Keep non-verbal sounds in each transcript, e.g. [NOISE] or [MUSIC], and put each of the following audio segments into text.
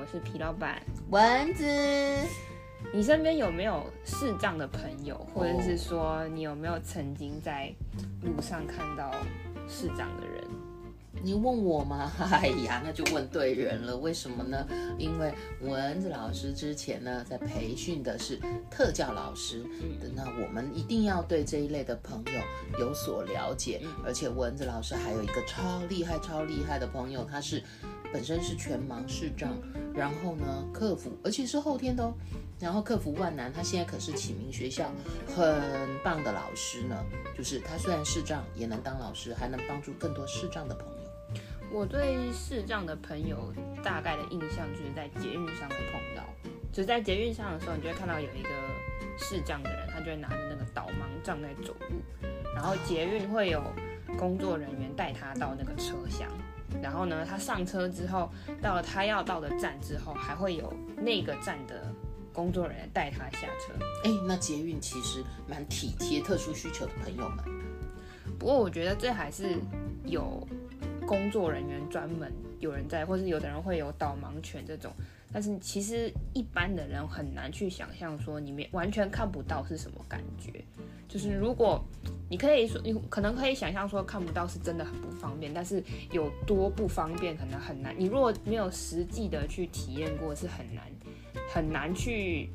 我是皮老板蚊子，你身邊有沒有視障的朋友？或者是說你有沒有曾經在路上看到視障的人？哦，你問我嗎？哎呀，那就問對人了。為什麼呢？因為蚊子老師之前呢在培訓的是特教老師，嗯，那我們一定要對這一類的朋友有所了解。而且蚊子老師還有一個超厲害、超厲害的朋友，他是。本身是全盲視障，然後呢克服，而且是後天的哦。然後克服萬難，他現在可是啟明學校很棒的老師呢。就是他雖然視障，也能當老師，還能幫助更多視障的朋友。我對視障的朋友大概的印象就的，就是在捷運上會碰到。就在捷運上的時候，你就會看到有一個視障的人，他就會拿着那個導盲杖在走路，然後捷運會有工作人員帶他到那個車廂。Oh. 然後呢，他上車之後，到了他要到的站之後，還會有那個站的工作人員帶他下車。哎、欸，那捷運其實蠻體貼特殊需求的朋友們。不過我覺得這還是有工作人員專門有人在，或是有的人會有導盲犬這種。但是其實一般的人很難去想象說，你沒完全看不到是什麼感覺，就是如果你可以說你可能可以想象說看不到是真的很不方便，但是有多不方便可能很難。你如果沒有實際的去體驗過是很難很難去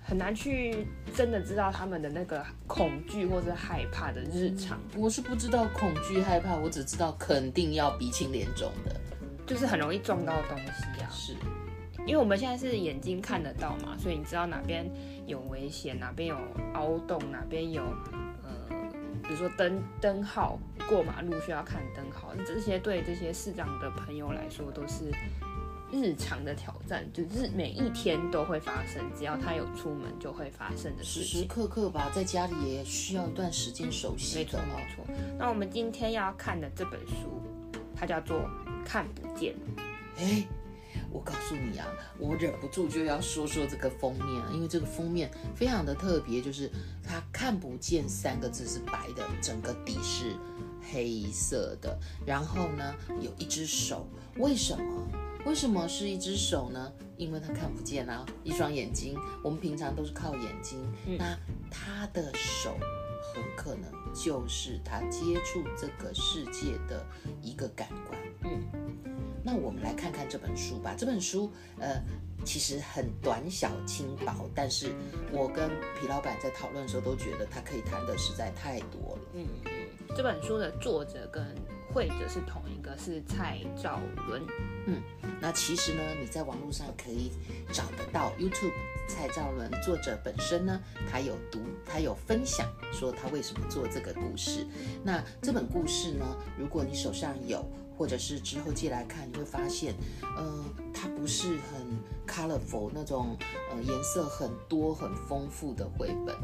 很難去真的知道他們的那個恐懼或者害怕的日常。我是不知道恐懼害怕，我只知道肯定要鼻青臉腫的，就是很容易撞到東西啊。是。因為我們現在是眼睛看得到嘛，所以你知道哪邊有危險，哪邊有凹洞，哪邊有呃，比如說燈燈號過馬路需要看燈號，這些對這些視障的朋友來說都是日常的挑戰，就是每一天都會發生，只要他有出門就會發生的事。時時刻刻吧，在家裡也需要一段時間熟悉、哦。沒錯，沒錯。那我們今天要看的這本書，它叫做《看不見》。誒我告訴你啊，我忍不住就要說說這個封面，因為這個封面非常的特別，就是它看不見三個字是白的，整個底是黑色的，然後呢，有一隻手，為什麼？為什麼是一隻手呢？因為它看不見啊，一雙眼睛，我們平常都是靠眼睛，嗯，那他的手很可能就是他接觸這個世界的一個感官，嗯。那我們來看看這本書吧。這本書，呃，其實很短小輕薄，但是我跟皮老板在討論的時候都覺得它可以談的實在太多了。嗯，這本書的作者跟繪者是同一個，是蔡兆倫。嗯，那其實呢，你在網絡上可以找得到 YouTube 蔡兆倫作者本身呢，他有讀，他有分享說他為什麼做這個故事。那這本故事呢，如果你手上有。或者是之後借來看，你會發現，呃，它不是很 colorful 那種，呃，顏色很多很豐富的繪本，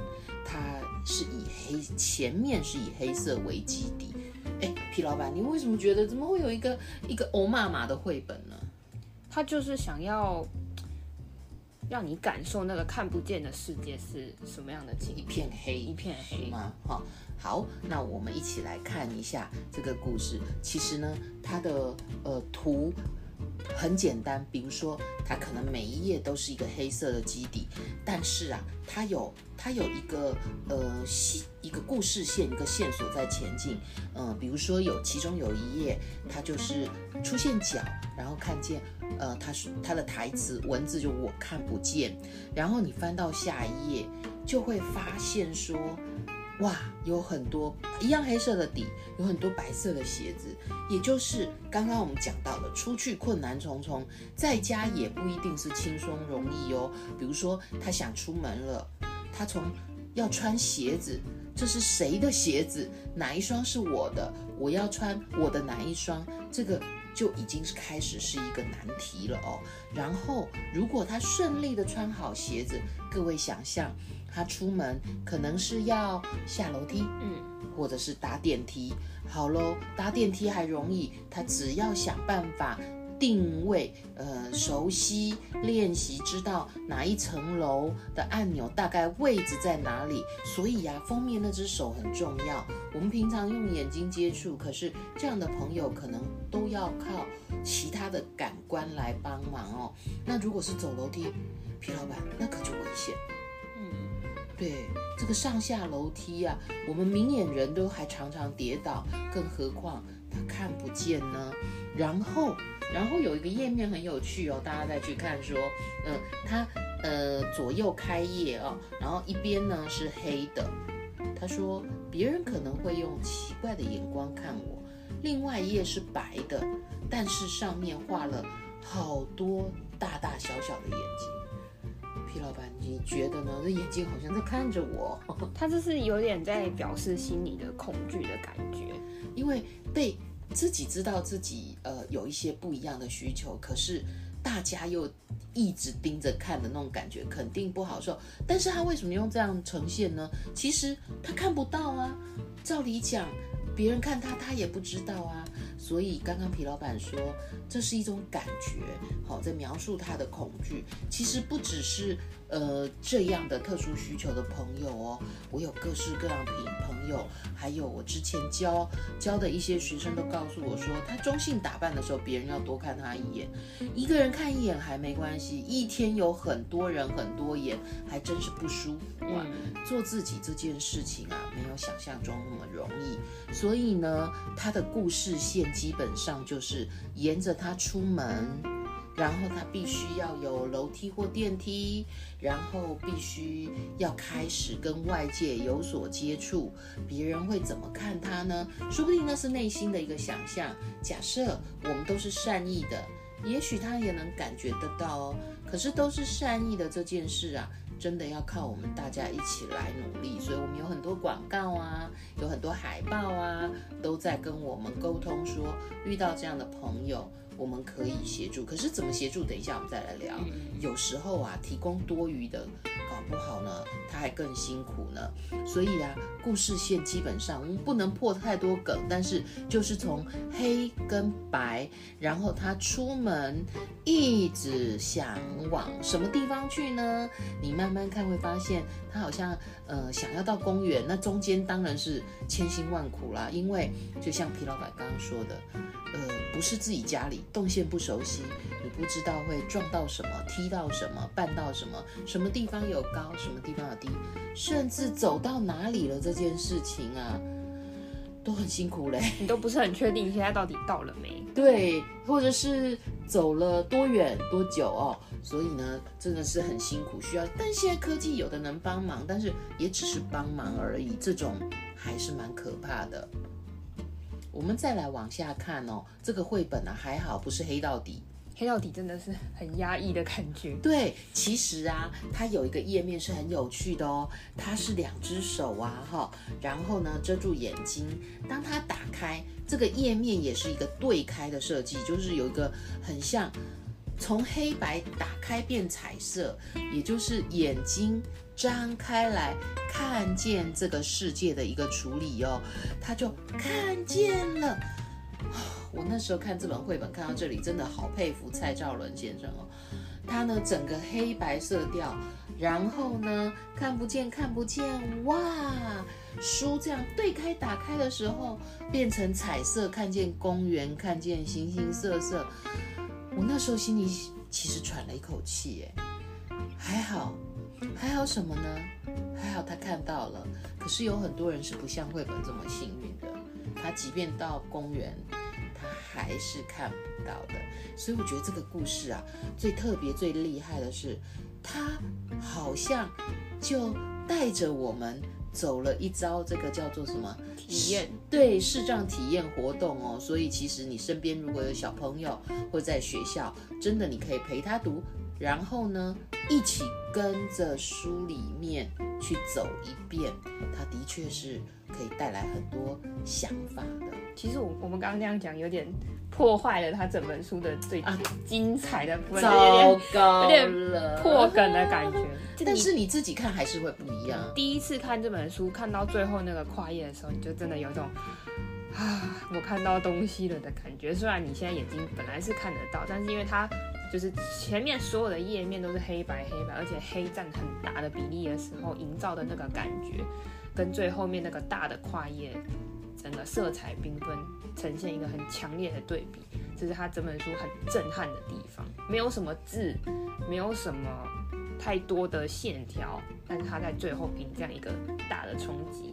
它是以黑，前面是以黑色為基底。哎、欸，皮老板，你為什麼覺得怎麼會有一個一個歐媽媽的繪本呢？他就是想要讓你感受那個看不見的世界是什麼樣的，一片黑，一片黑嘛，哈。好，那我們一起來看一下這個故事。其實呢，它的呃圖很簡單，比如說它可能每一頁都是一個黑色的基底，但是啊，它有它有一個呃線，一個故事線，一個線索在前進。嗯、呃，比如說有其中有一頁，它就是出現腳，然後看見呃，它是它的台詞文字就我看不見，然後你翻到下一頁就會發現說。哇，有很多一樣黑色的底，有很多白色的鞋子，也就是剛剛我們講到的，出去困難重重，在家也不一定是輕鬆容易哦。比如說他想出門了，他從要穿鞋子，這是誰的鞋子？哪一雙是我的？我要穿我的哪一雙？這個就已經是開始是一個難題了哦。然後如果他順利的穿好鞋子，各位想象，他出門可能是要下樓梯，嗯，或者是搭電梯。好嘍，搭電梯還容易，他只要想辦法定位，呃，熟悉練習，知道哪一層樓的按鈕大概位置在哪裡。所以啊，封面那只手很重要。我們平常用眼睛接觸，可是這樣的朋友可能都要靠其他的感官來幫忙哦。那如果是走樓梯，皮老板那可就危險。對這個上下樓梯啊，我們明眼人都還常常跌倒，更何況他看不見呢？然後，然後有一個頁面很有趣哦，大家再去看說，嗯、呃，他呃左右開頁哦，然後一邊呢是黑的，他說別人可能會用奇怪的眼光看我，另外一頁是白的，但是上面畫了好多大大小小的眼睛。老闆，你覺得呢？這眼睛好像在看着我，他就是有點在表示心裡的恐懼的感覺，因為被自己知道自己呃有一些不一樣的需求，可是大家又一直盯着看的那種感覺，肯定不好受。但是他為什麼用這樣呈現呢？其實他看不到啊，照理講，別人看他，他也不知道啊。所以，剛剛皮老板說，這是一種感覺，好，在描述他的恐懼，其實不只是。呃，這樣的特殊需求的朋友哦，我有各式各樣的朋友，還有我之前教教的一些學生都告訴我說，他中性打扮的時候，別人要多看他一眼，一個人看一眼還沒關係，一天有很多人很多眼，還真是不舒服啊。嗯。做自己這件事情啊，沒有想象中那麼容易，所以呢，他的故事線基本上就是沿着他出門。然後他必須要有樓梯或電梯，然後必須要開始跟外界有所接觸。別人會怎麼看他呢？說不定那是內心的一個想象。假設我們都是善意的，也許他也能感覺得到哦。可是都是善意的這件事啊，真的要靠我們大家一起來努力。所以我們有很多廣告啊，有很多海報啊，都在跟我們溝通說，遇到這樣的朋友。我們可以協助，可是怎麼協助？等一下我們再來聊。有時候啊，提供多餘的，搞不好呢，他還更辛苦呢。所以啊，故事線基本上我們不能破太多梗，但是就是從黑跟白，然後他出門，一直想往什麼地方去呢？你慢慢看會發現，他好像呃，想要到公園，那中間當然是千辛萬苦啦，因為就像皮老闆剛剛說的，呃，不是自己家裡。動線不熟悉，你不知道會撞到什麼、踢到什麼、絆到什麼，什麼地方有高，什麼地方有低，甚至走到哪裡了這件事情啊，都很辛苦嘞，你都不是很確定現在到底到了沒？對，或者是走了多遠多久哦，所以呢，真的是很辛苦，需要。但現在科技有的能幫忙，但是也只是幫忙而已，這種還是蠻可怕的。我們再來往下看哦，這個繪本呢、啊、還好，不是黑到底。黑到底真的是很壓抑的感覺。對，其實啊，它有一個頁面是很有趣的哦，它是兩隻手啊哈，然後呢遮住眼睛，當它打開這個頁面，也是一個對開的設計，就是有一個很像從黑白打開變彩色，也就是眼睛，張開來，看見這個世界的一個處理哦，他就看見了。我那時候看這本繪本，看到這裡真的好佩服蔡兆倫先生哦。他呢，整個黑白色調，然後呢看不見看不見，哇，書這樣對開打開的時候變成彩色，看見公園，看見形形色色。我那時候心裡其實喘了一口氣，欸，哎，還好。還好什麼呢？還好他看到了。可是有很多人是不像繪本這麼幸運的。他即便到公園，他還是看不到的。所以我覺得這個故事啊，最特別、最厲害的是，他好像就帶着我們走了一遭，這個叫做什麼體驗？對，視障體驗活動哦。所以其實你身邊如果有小朋友或在學校，真的你可以陪他讀。然後呢，一起跟着書裡面去走一遍，它的確是可以帶來很多想法的。其實我我們剛剛那樣講，有點破壞了它整本書的最精彩的部分，啊，有點破梗的感覺。但、啊。但是你自己看還是會不一樣。第一次看這本書，看到最後那個跨頁的時候，你就真的有一種啊，我看到東西了的感覺。雖然你現在眼睛本來是看得到，但是因為它。就是前面所有的頁面都是黑白黑白，而且黑佔很大的比例的時候，營造的那個感覺，跟最後面那個大的跨頁，整個色彩繽紛，呈現一個很強烈的對比，這、就是他整本書很震撼的地方。沒有什麼字，沒有什麼太多的線條，但是他在最後給你這樣一個大的衝擊，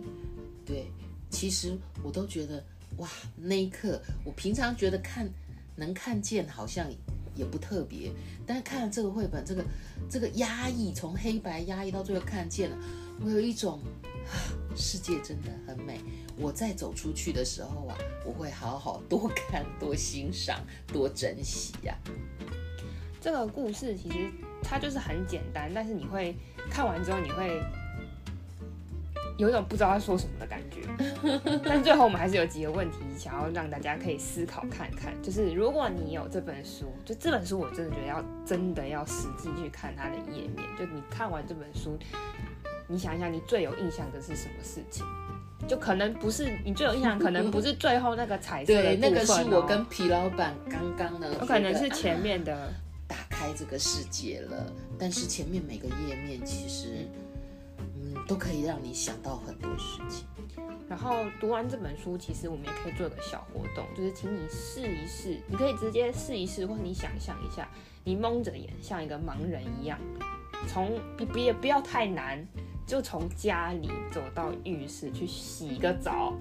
對，其實我都覺得哇，那一刻我平常覺得看能看見好像。也不特別，但是看了這個繪本，這個這個壓抑從黑白壓抑到最後看見了，我有一種啊，世界真的很美。我再走出去的時候啊，我會好好多看多欣賞多珍惜呀、啊。這個故事其實它就是很簡單，但是你會看完之後你會。有一種不知道要說什麼的感覺，但最後我們還是有幾個問題想要讓大家可以思考看看，就是如果你有這本書，就這本書我真的覺得要真的要實際去看它的頁面，就你看完這本書，你想一想你最有印象的是什麼事情？就可能不是你最有印象，可能不是最後那個彩色的、喔。 [LAUGHS] 對，那個是我跟皮老板剛剛的，可能是前面的、那個啊、打開這個世界了，但是前面每個頁面其實。都可以讓你想到很多事情。然後讀完這本書，其實我們也可以做個小活動，就是請你試一試。你可以直接試一試，或你想象一下，你蒙着眼，像一個盲人一樣，從也不要太難，就從家裡走到浴室去洗個澡。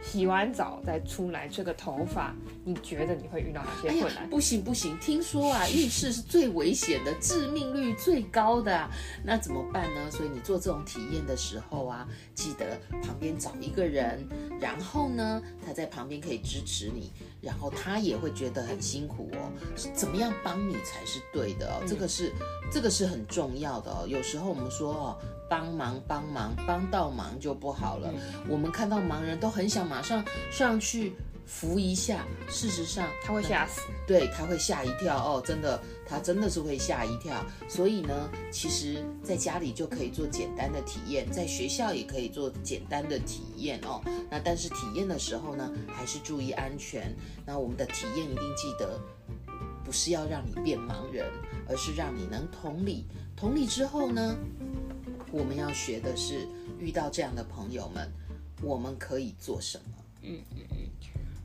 洗完澡再出來，吹個頭髮，你覺得你會遇到哪些困難？哎？不行不行，聽說啊，浴室是最危險的，致命率最高的，那怎麼辦呢？所以你做這種體驗的時候啊，記得旁邊找一個人，然後呢，他在旁邊可以支持你。然後他也會覺得很辛苦哦，是怎麼樣幫你才是對的哦，嗯、這個是這個是很重要的哦。有時候我們說哦，幫忙幫忙，幫倒忙就不好了，嗯。我們看到盲人都很想馬上上去，扶一下，事實上他會嚇死，對他會嚇一跳哦，真的，他真的是會嚇一跳。所以呢，其實在家裡就可以做簡單的體驗，在學校也可以做簡單的體驗哦。那但是體驗的時候呢，還是注意安全。那我們的體驗一定記得，不是要讓你變盲人，而是讓你能同理。同理之後呢，我們要學的是遇到這樣的朋友們，我們可以做什麼？嗯嗯。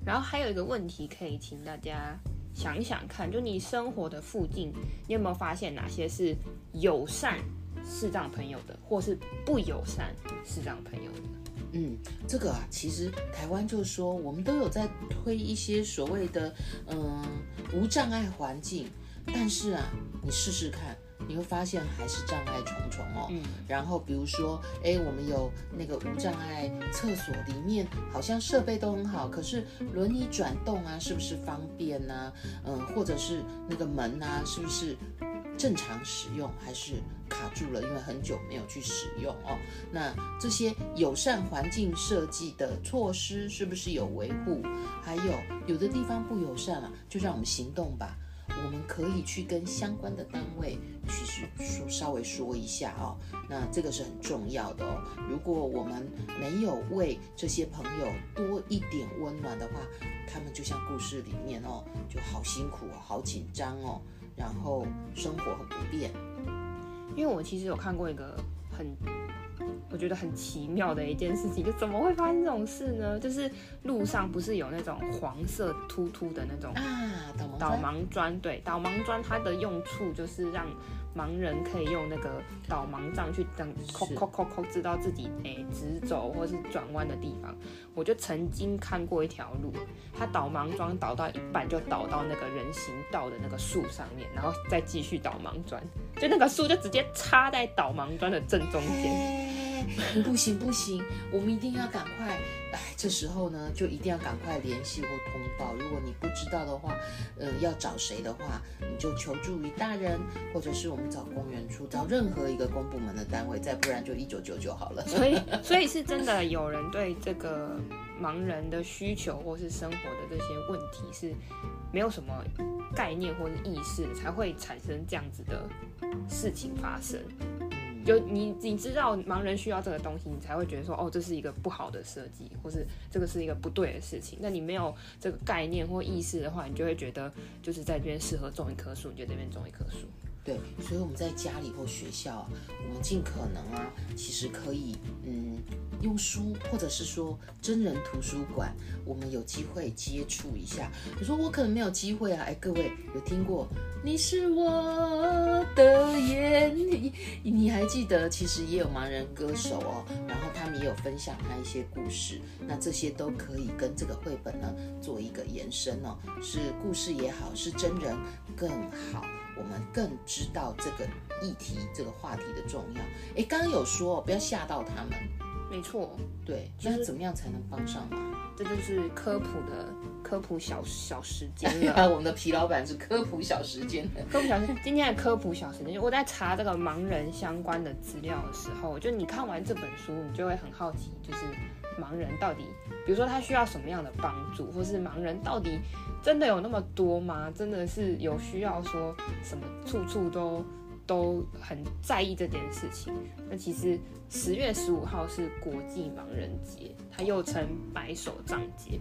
然後還有一個問題，可以請大家想一想看，就你生活的附近，你有沒有發現哪些是友善視障朋友的，或是不友善視障朋友的？嗯，這個啊，其實台灣就說，我們都有在推一些所謂的嗯無障礙環境，但是啊，你試試看。你會發現還是障礙重重哦。嗯。然後比如說，哎，我們有那個無障礙廁所，裡面好像設備都很好，可是輪椅轉動啊，是不是方便吶、啊？嗯，或者是那個門啊，是不是正常使用還是卡住了？因為很久沒有去使用哦。那這些友善環境設計的措施是不是有維護？還有有的地方不友善啊，就讓我們行動吧。我們可以去跟相關的單位，其實說稍微說一下哦。那這個是很重要的哦。如果我們沒有為這些朋友多一點溫暖的話，他們就像故事裡面哦，就好辛苦哦，好緊張哦，然後生活很不便。因為我其實有看過一個很。我覺得很奇妙的一件事情，就怎麼會發生這種事呢？就是路上不是有那種黃色突突的那種啊導盲磚？對，導盲磚它的用處就是讓盲人可以用那個導盲杖去這樣，敲敲敲敲，知道自己誒、欸、直走或是轉彎的地方。我就曾經看過一條路，它導盲磚導到一半就導到那個人行道的那個樹上面，然後再繼續導盲磚，就那個樹就直接插在導盲磚的正中間。 [LAUGHS] [LAUGHS] 不行不行，我們一定要趕快！哎，這時候呢，就一定要趕快聯繫或通報。如果你不知道的話，呃，要找誰的話，你就求助於大人，或者是我們找公園處，找任何一個公部門的單位。再不然就一九九九好了。 [LAUGHS] 所以，所以是真的有人對這個盲人的需求或是生活的這些問題是沒有什麼概念或者意識，才會產生這樣子的事情發生。就你，你知道盲人需要這個東西，你才會覺得說，哦，這是一個不好的設計，或是這個是一個不對的事情。那你沒有這個概念或意識的話，你就會覺得，就是在這邊適合種一棵樹，你就在這邊種一棵樹。對，所以我們在家裡或學校、啊，我們盡可能啊，其實可以，嗯，用書或者是說真人圖書館，我們有機會接觸一下。你說我可能沒有機會啊？哎，各位有聽過？你是我的眼，你，你還記得？其實也有盲人歌手哦，然後他們也有分享他一些故事，那這些都可以跟這個繪本呢做一個延伸哦，是故事也好，是真人更好。我們更知道這個議題、這個話題的重要。哎，剛剛有說、哦、不要嚇到他們，沒錯，對。就是、那怎麼樣才能幫上忙？這就是科普的、嗯、科普小小時間了、哎。我們的皮老板是科普小時間，科普小時。今天的科普小時間，我在查這個盲人相關的資料的時候，就你看完這本書，你就會很好奇，就是。盲人到底，比如說他需要什麼樣的幫助，或是盲人到底真的有那麼多嗎？真的是有需要說什麼，處處都都很在意這件事情？那其實十月十五號是國際盲人節，它又稱白手杖節。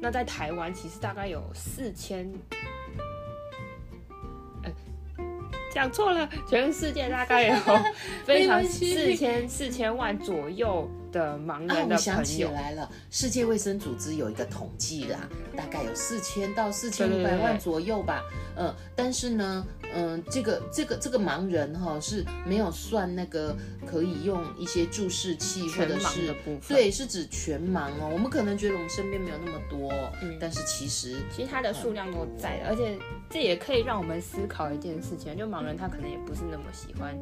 那在台灣其實大概有四千，呃，講錯了，全世界大概有非常四千四千萬左右。的盲人們、啊、想起來了。世界衛生組織有一個統計啦，大概有四千到四千五百萬左右吧。嗯，呃、但是呢，嗯、呃，這個這個這個盲人哈、哦、是沒有算那個可以用一些助視器或者是的部分對，是指全盲哦。我們可能覺得我們身邊沒有那麼多，嗯、但是其實其實他的數量都在的、嗯，而且這也可以讓我們思考一件事情，就盲人他可能也不是那麼喜歡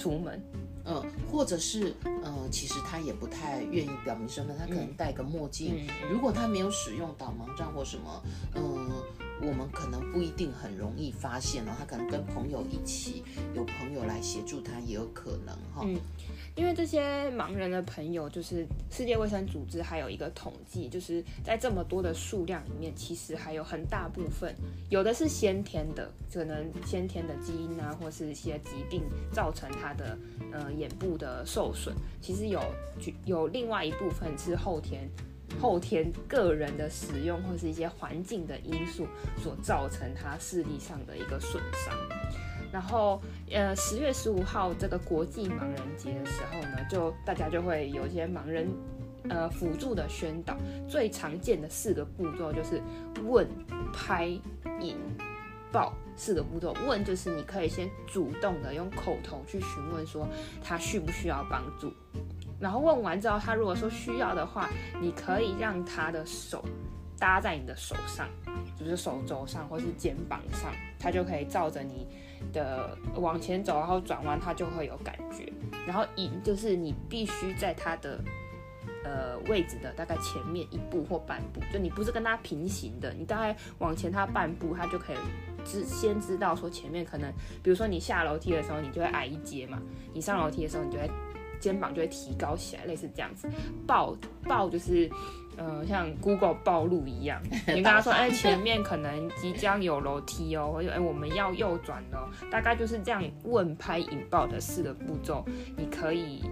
出門。嗯，或者是，嗯，其實他也不太願意表明身份，他可能戴個墨鏡，嗯嗯。如果他沒有使用導盲杖或什麼，嗯，嗯，我們可能不一定很容易發現哦。他可能跟朋友一起，有朋友來協助他也有可能哈。因為這些盲人的朋友，就是世界衛生組織還有一個統計，就是在這麼多的數量裡面，其實還有很大部分，有的是先天的，可能先天的基因啊，或是一些疾病造成他的呃眼部的受損。其實有有另外一部分是後天後天個人的使用，或是一些環境的因素所造成他視力上的一個損傷。然後，呃，十月十五號這個國際盲人節的時候呢，就大家就會有一些盲人，呃，輔助的宣導。最常見的四個步驟就是問、拍、引、報四個步驟。問就是你可以先主動的用口頭去詢問說他需不需要幫助，然後問完之後，他如果說需要的話，你可以讓他的手。搭在你的手上，就是手肘上或是肩膀上，它就可以照着你的往前走，然後轉彎，它就會有感覺。然後一就是你必須在它的呃位置的大概前面一步或半步，就你不是跟它平行的，你大概往前它半步，它就可以知先知道說前面可能，比如說你下樓梯的時候，你就會矮一階嘛，你上樓梯的時候，你就會肩膀就會提高起來，類似這樣子。抱抱就是。呃，像 Google 暴露一樣，你跟他說：“哎，前面可能即將有樓梯哦，或 [LAUGHS] 者哎，我們要右轉哦，大概就是這樣問拍引爆的四個步驟，你可以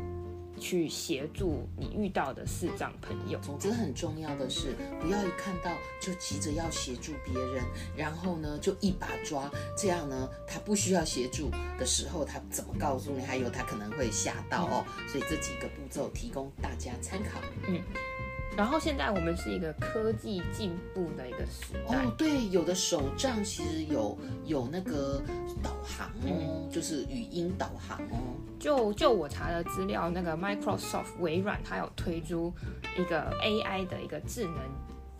去協助你遇到的視障朋友。總之，很重要的是，不要一看到就急着要協助別人，然後呢就一把抓，這樣呢他不需要協助的時候，他怎麼告訴你？還有他可能會嚇到哦。嗯，所以這幾個步驟提供大家參考。嗯。然後現在我們是一個科技進步的一個時代哦，對，有的手杖其實有有那個導航哦，嗯，就是語音導航哦。就就我查的資料，那個 Microsoft 微軟它有推出一個 AI 的一個智能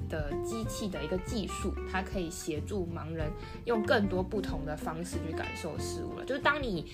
的機器的一個技術，它可以協助盲人用更多不同的方式去感受事物了。就是當你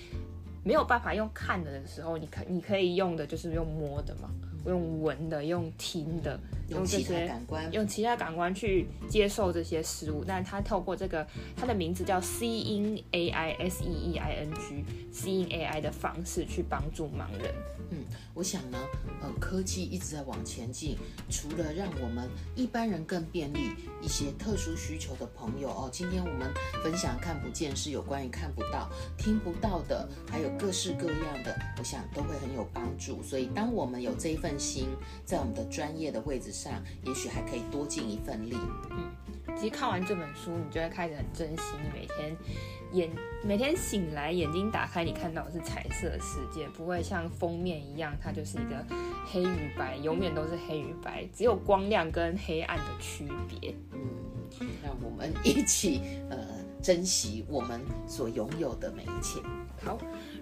沒有辦法用看的的時候，你可你可以用的就是用摸的嘛。用聞的，用聽的，用這些，用其他感官，用其他感官去接受這些事物。但他透過這個，他的名字叫 Seeing AI，S-E-E-I-N-G，Seeing AI 的方式去幫助盲人。嗯，我想呢，呃，科技一直在往前進，除了讓我們一般人更便利，一些特殊需求的朋友哦。今天我們分享看不見是有關於看不到、聽不到的，還有各式各樣的，我想都會很有幫助。所以，當我們有這一份。心在我們的專業的位置上，也許還可以多盡一份力。嗯，其實看完這本書，你就會開始很珍惜，你每天眼每天醒來，眼睛打開，你看到的是彩色的世界，不會像封面一樣，它就是一個黑與白，永遠都是黑與白，只有光亮跟黑暗的區別。嗯，那我們一起呃。珍惜我們所擁有的每一切。好，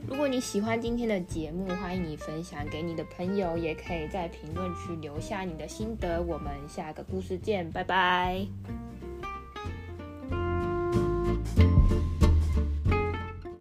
如果你喜歡今天的節目，歡迎你分享給你的朋友，也可以在評論區留下你的心得。我們下個故事見，拜拜。